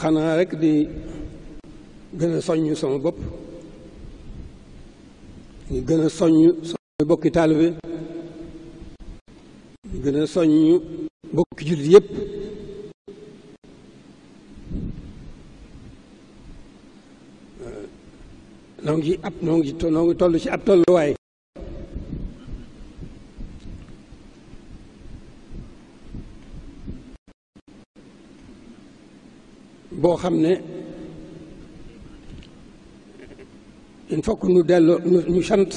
xanaa rek di gën a soññ sama bopp di gën a soññ sama bokki taalibe di gën a soññ bokki jullit yépp noo ngi ab noo ngi noo ngi toll ci ab tolluwaay boo xam ne il faut que ñu delloo ñu sant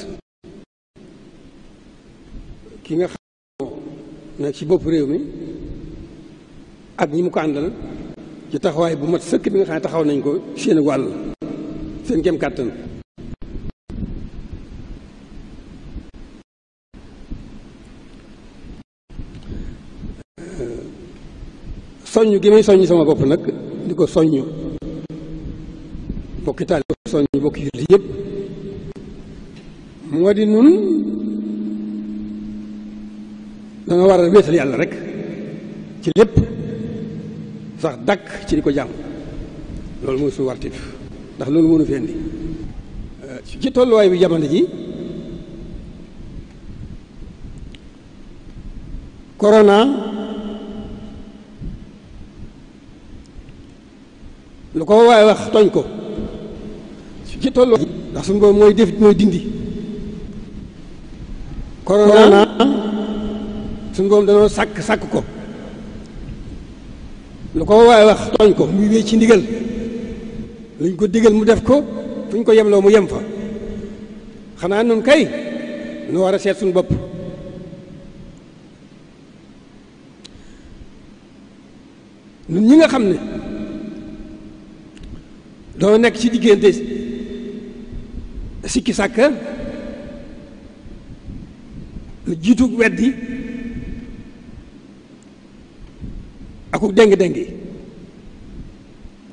ki nga xam ne ci bopp réew mi ak ñi mu ko àndal ci taxawaay bu ma sëkk bi nga xam ne taxaw nañ ko seeni wàll seen kem kàttan soññ gi may soññ sama bopp nag di ko soññ bokki taali ko soññ bokki julli yëpp moo di nun da nga war a wéetal yàlla rek ci lépp sax dakk ci di ko jàmm loolu mooy suñu wartif ndax loolu mënu fi indi ci tolluwaay bi jamono ji corona lu ko waaye wax tooñ ko su ci tollu ndax suñu boobu mooy def mooy dindi korona suñu boobu danoo sàkk sàkk ko lu ko waaye wax tooñ ko muy wéy ci ndigal luñ ko digal mu def ko fu ñu ko yemloo mu yem fa xanaa nun kay nu war a seet suñu bopp nun ñi nga xam ne doo nekk ci diggante sikki sàkka lu jiitu weddi aku déng-déng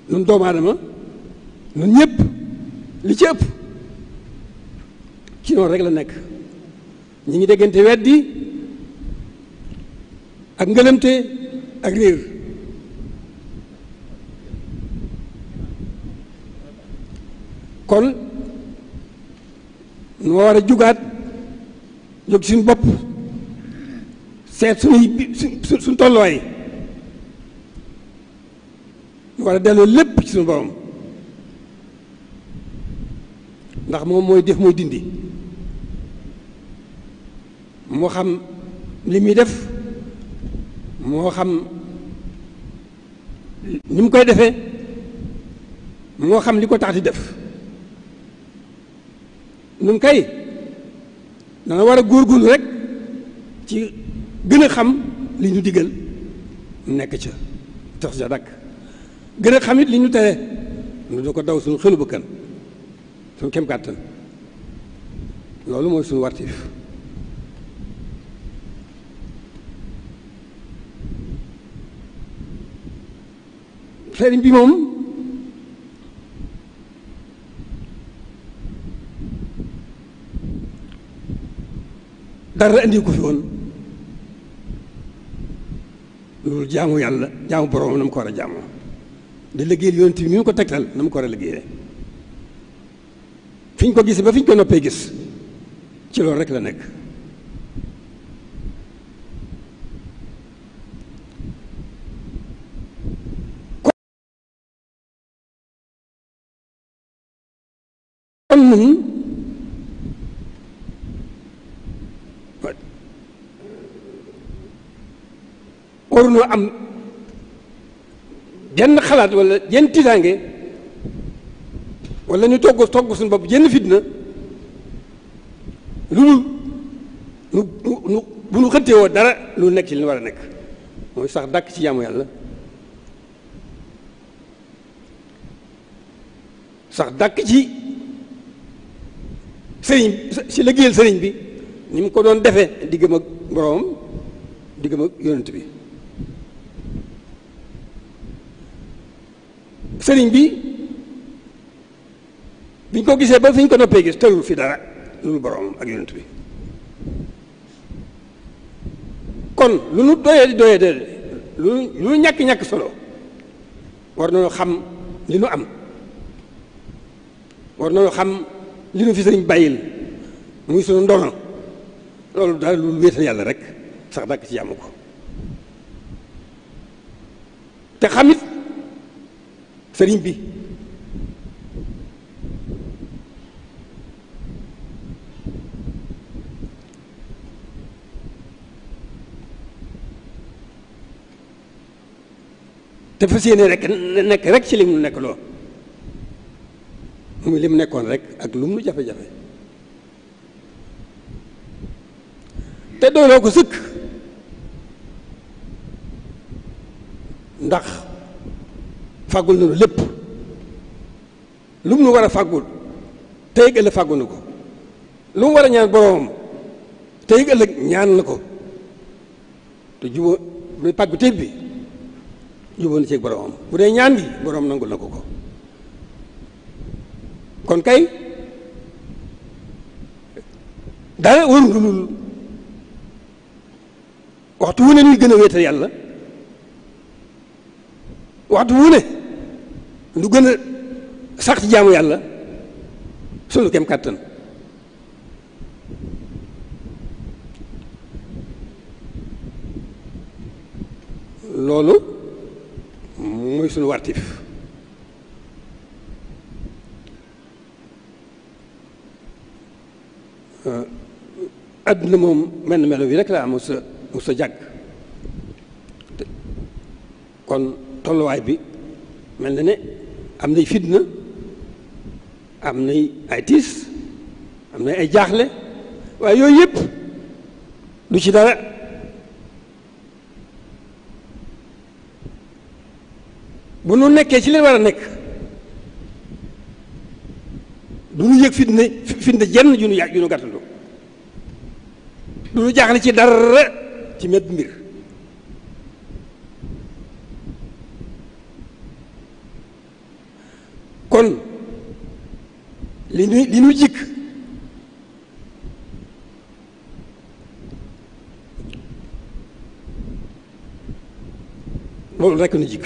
ñun doomu aadama ñun ñëpp li ci ëpp ci noonu rek la nekk ñu ngi déggante weddi ak ngëlëmte ak réer war a jugaat jóg suñu bopp seet suñuy suñ tolluwaay ñu war a delloo lépp ci suñu ndax moom mooy def mooy dindi moo xam li muy def moo xam ni mu koy defee moo xam li ko tax di def nun kay dana war a góorgóorlu rek ci gën a xam li ñu digal nekk ca tax ja dakk gën a xam it li ñu tere nu du ko daw suñu xelu bëkkan suñu kem kàttan loolu mooy suñu wartiif sëriñ bi moom dara indi ko fi woon loolu jaamu yàlla jaamu borom na mu ko war a jaamoo di liggéeyal yonent bi mi mu ko tegtal na mu ko war a liggéeyee fi ko gisee ba fiñ ko noppee gis ci loolu rek la nekk kon nun warunoo am jenn xalaat walla jenn tiitaange wala ñu togg togg suñu bopp jenn fitna lu nu nu bu nu xëttee woo dara lu nekk ci li war a nekk mooy sax dàkk ci jaamu yàlla sax dàkk ci sëriñ si liggéeyal sëriñ bi ni mu ko doon defee diggam ak boroomam diggam ak yonent bi sëriñ bi biñ ko gisee ba fiñ ko noppee gis tërul fi dara lu borom ak yonent bi kon lu nu doyee di doyee de lu lu ñàkk ñàkk solo war nañu xam li nu am war nañu xam li nu fi sëriñ bàyyil muy sunu ndono loolu daal lu wéetal yàlla rek sax dàkk ci yàmm ko te xamit sëriñ bi te fas yéene rekk nekk rek ci li mu nekk loo muy li nekkoon rek ak lu nu jafe-jafe te doyloo ko sëkk ndax fàggul na lépp lu mu nu war a fàggul tey ëllëg fàggu ko lu mu war a ñaan boroomam tey ëllëg ñaan na ko te jubóo muy pàggu téeb bi jubóo na ci boroomam bu dee ñaan bi boroom nangul na ko ko kon kay dara warul lu waxtu wu ne ñuy gën a wéetal yàlla waxtu wu ne lu gën a sax ci jaamu yàlla sunu kem kàttan loolu mooy sunu wartif euh, àdduna moom mel na melo bi rek laa mu sa mu sa jàgg kon tolluwaay bi mel na ne am nay fitna am nay ay tiis am nay ay jaaxle waaye yooyu yëpp du ci dara bu nu nekkee ci leen war a nekk du nu yëg fitna fitna jenn ju nu yàgg ju nu gàttandu du nu jaaxle ci dara ci mépp mbir kon li nu li nu jikk loolu rekk nu jikk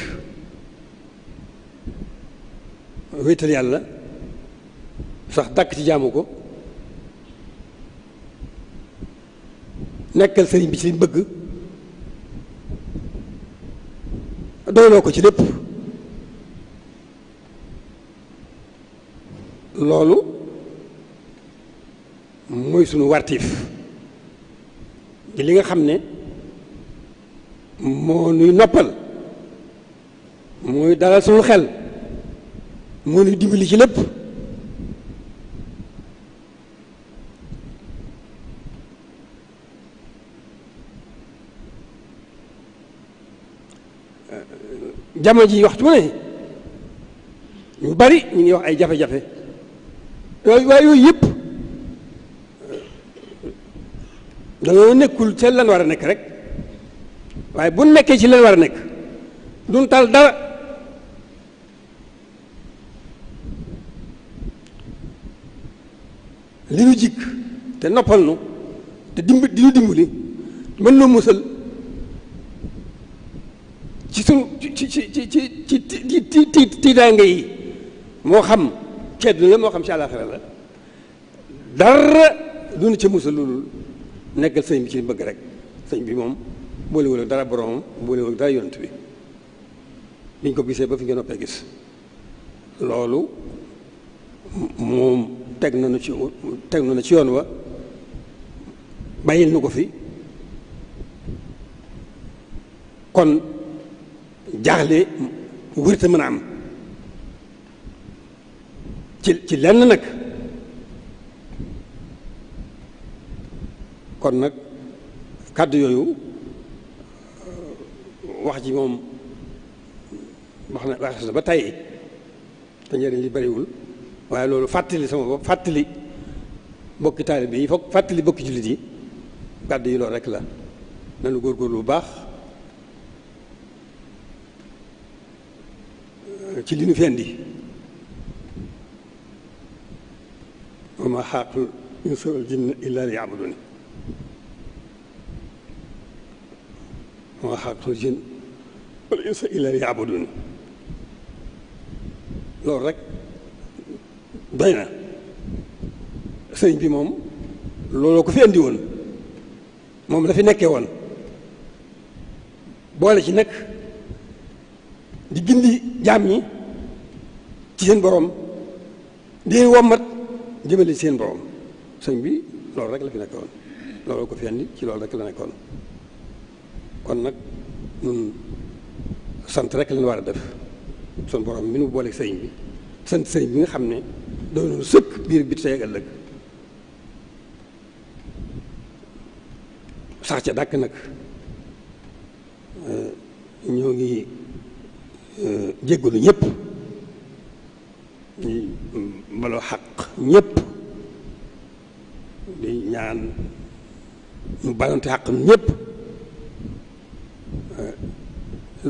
wéetal yàlla sax dàkk ci jaamu ko nekkal sëriñ bi ci liñ bëgg doyloo ko ci lépp mooy suñu wartiif di li nga xam ne moo nuy noppal mooy dalal sunu xel moo nuy dimbali ci lépp jamono ji waxtu ne ñu bari ñu ngi wax ay jafe-jafe waaye yooyu yëpp dañoo nekkul ca lan war a nekk rek waaye bu nekkee ci lan war a nekk duñ tal dara li ñu jikk te noppal nu te dimb di ñu dimbali mën noo musal ci su ci ci ci ci ci ci tiitaange yi moo xam ci àdduna la moo xam ci àllaaxira la dara duñu ca musal loolu nekkal sëñ bi ci bëgg rek sëñ bi moom boolewul dara boromam boolewul dara yonent bi biñ ko gisee ba fi nga noppee gis loolu moom teg nañu ci teg nañu ci yoon wa bàyyil nu ko fi kon jaaxle wërta mën a am ci ci lenn nag kon nak kàddu yoyu wax ji mom waxna na wax ba tey te njëriñ li bariwul waaye loolu fàttali sama bopp fàttali mbokki taalib yi foog fàttali mbokki jullit yi kàddu yi loolu rek la nanu góorgóorlu bu baax ci li nu fi indi wa ma xaaqul insa wal وحق الجن والإنس إلا ليعبدون لو رك ضينا سنج بي موم لولو كو في اندي وون موم لا في نيكي وون بولا سي نك دي جيندي جامي تي سين بروم دي ومات جيمالي سين بروم سنج بي رك لا في نيكون لولو كو في اندي سي لول رك لا نيكون kon nag ñun sant rek lañ war a def sun borom mi nu boole sëriñ bi sant sëriñ bi nga xam ne doon sëkk biir bi tey ëllëg sax ca dàkk nag eh, ñoo ngi eh, jéggalu ñëpp ñu baloo xaq ñépp di ñaan ñu balonte xaq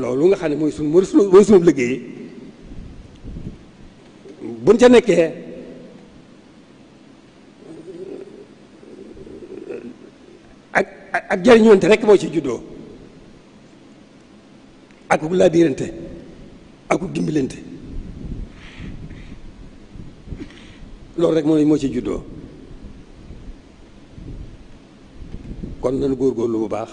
loolu nga xam ne mooy sunu mooy sunu liggéey buñ ca nekkee ak ak jariñoonte rek moo ci juddoo ak ku laabiirante ak ku dimbalante loolu rek moo moo ci juddoo kon nañu góorgóorlu bu baax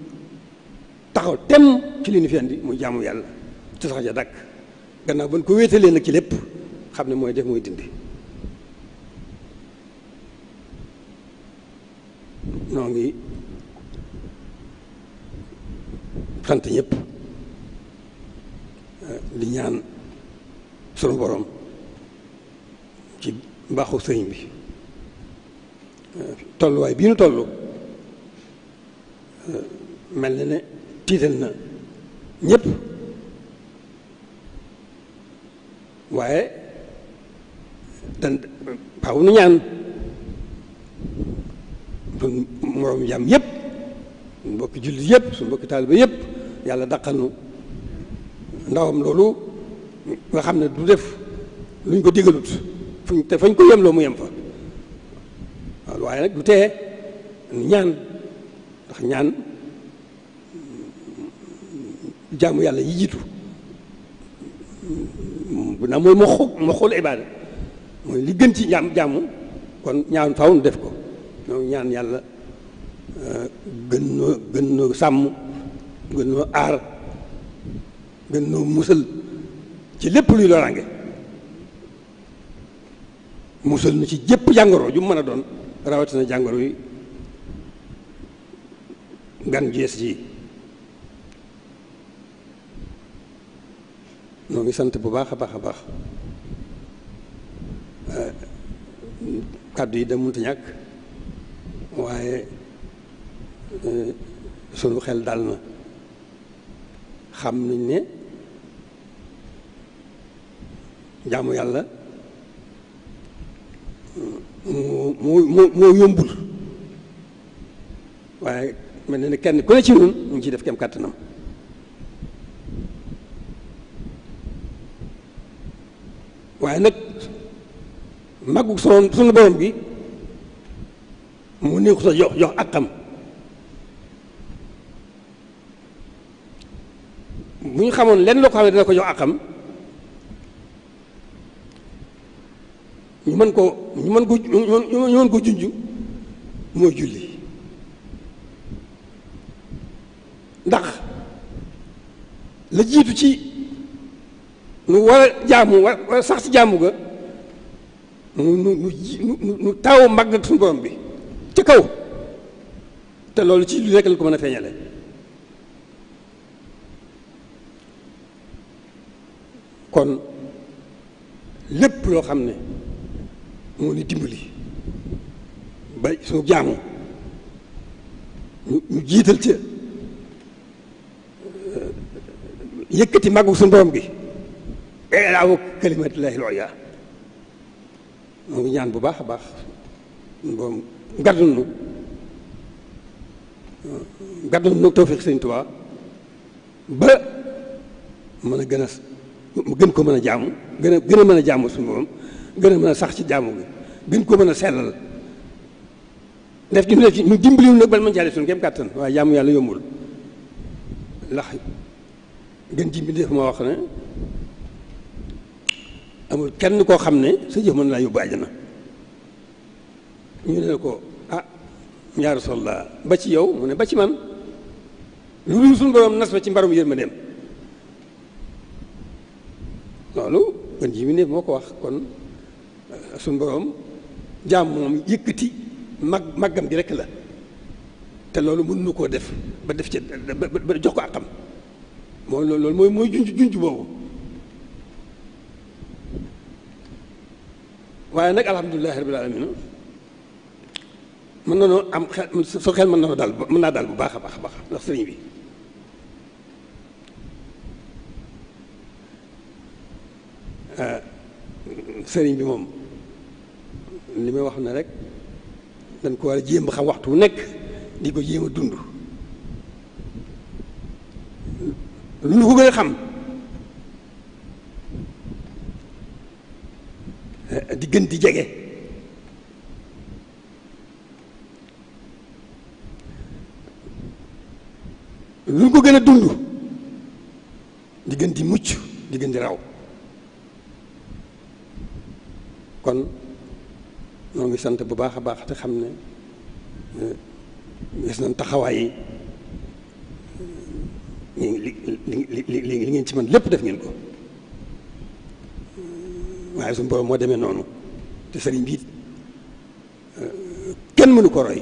taxaw tem ci li ñu fi andi muy jaamu yàlla te sax ja dàkk gannaaw ba ñu ko wéetalee nag ci lépp xam ne mooy def mooy dindi noo ngi sant ñëpp eh, di ñaan sunu borom ci mbaaxu sëriñ bi eh, tolluwaay bii nu toll eh, mel na ne tiital na ñépp waaye dan waaw nu ñaan suñ moroom yépp suñ mbokki jullit yépp suñ mbokki taaliba yépp yàlla daqal nu ndawam loolu nga xam ne du def luñ ko digalut te fañ ko yem loo mu yem fa waaw waaye du tee nu ñaan ndax ñaan jàmm yàlla yi jiitu bu naa mooy ma xu ma xool mooy li gën ci jaam jaamu kon ñaan faw nu def ko ñoo ñaan yàlla euh, gën noo gën noo sàmm gën noo aar gën noo musal ci lépp luy loraange musal nu ci jépp jàngoro ju mën a doon rawatina jàngoro yi gan jees yi noo ngi sant bu baax a baax a baax eh, kàddu yi da mënut ñàkk waaye eh, sunu xel dal na xam nañ ne jaamu yàlla mm, moo moo moo yombul waaye mel na kenn ku ne ci ñun mu ngi ciy def kem kàttanam waaye nag màggu son sunu borom bi mu néew ko sa jox jox ak xam bu ñu xamoon lenn loo ko xam ne dina ko jox ak xam ñu mën ko ñu mën ko ñu mën ko junj mooy julli ndax la jiitu ci nu war a jaamu war sax ci jaamu ga nu nu nu nu taaw màgg ak suñu bi ca kaw te loolu ci lu rekk la ko mën a feeñale kon lépp loo xam ne moo ni dimbali ba suñu jaamu ñu jiital ca yëkkati màggu su borom gi ilaawu kalimatillahi looya mu ngi ñaan bu baax a baax boom gardunu gardunu nag tawfiq sëñ Tuubaa ba mën a gën a gën ko mën a jaamu gën a gën a mën a jaamu suñu moom gën a mën a sax ci jaamu gi gën ko mën a sellal def ci def ci ñu dimbaliwul nag ban mën caa def suñu kéem kàttan waaye jaamu yàlla yombul ndax gën ji bi def moo wax ne amul kenn koo xam ne sa jëf mën laa yóbbu àjjana ñu ne ko ah sol la ba ci yow mu ne ba ci man lu dul suñu borom nas ba ci mbarum yërmandeem loolu gën ji moo ko wax kon euh, suñu borom jaam moom yëkkati gi rekk la te loolu mën nu koo def ba def ci ba jox ko am moo loolu mooy mooy junj junj boobu waaye nag alhamdulilahi rabil alamina mën na noo am xel su xel mën na daal mën naa daal bu baax a baax a baax ndax sëriñ bi ah, sëriñ bi moom li may wax ne rek dañ ko war a jéem ba xam waxtu wu nekk di ko jéem a dund lu nu ko gën a xam gën di jege lu ñu ko gën a dund di gën di mucc di gën di raw kon ñoo ngi sant bu baax a baax te xam ne eh, gis nañ taxawaay yi li li li li ngeen ci man lépp def ngeen ko waaye su borom moo demee noonu te sëriñ bi it euh, kenn mënu ko roy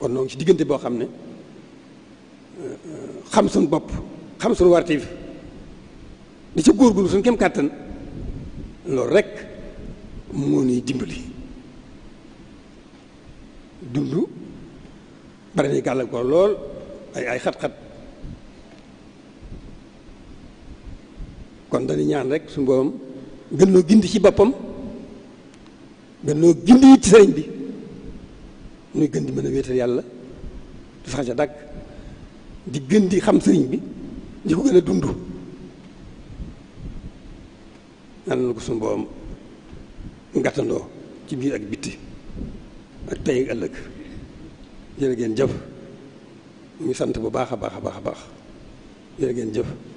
kon noonu ci diggante boo xam ne euh, xam suñu bopp xam suñu warteef di ca góorgóorlu suñu kem kàttan loolu rek moo ñuy dimbali dund bari na gàllankoor lool ay ay xat-xat kon dañu ñaan rek su borom gën loo gindi ci boppam gën loo gindi it ci sëriñ bi nuy gën di mën a wéetal yàlla di sax ca dàkk di gën di xam sëriñ bi di ko gën a dund yàlla na ko suñu boobam ngàttandoo ci biir ak bitti ak tey ak ëllëg jërë ngeen jëf ñu sant bu baax a baax a baax a baax jërë ngeen jëf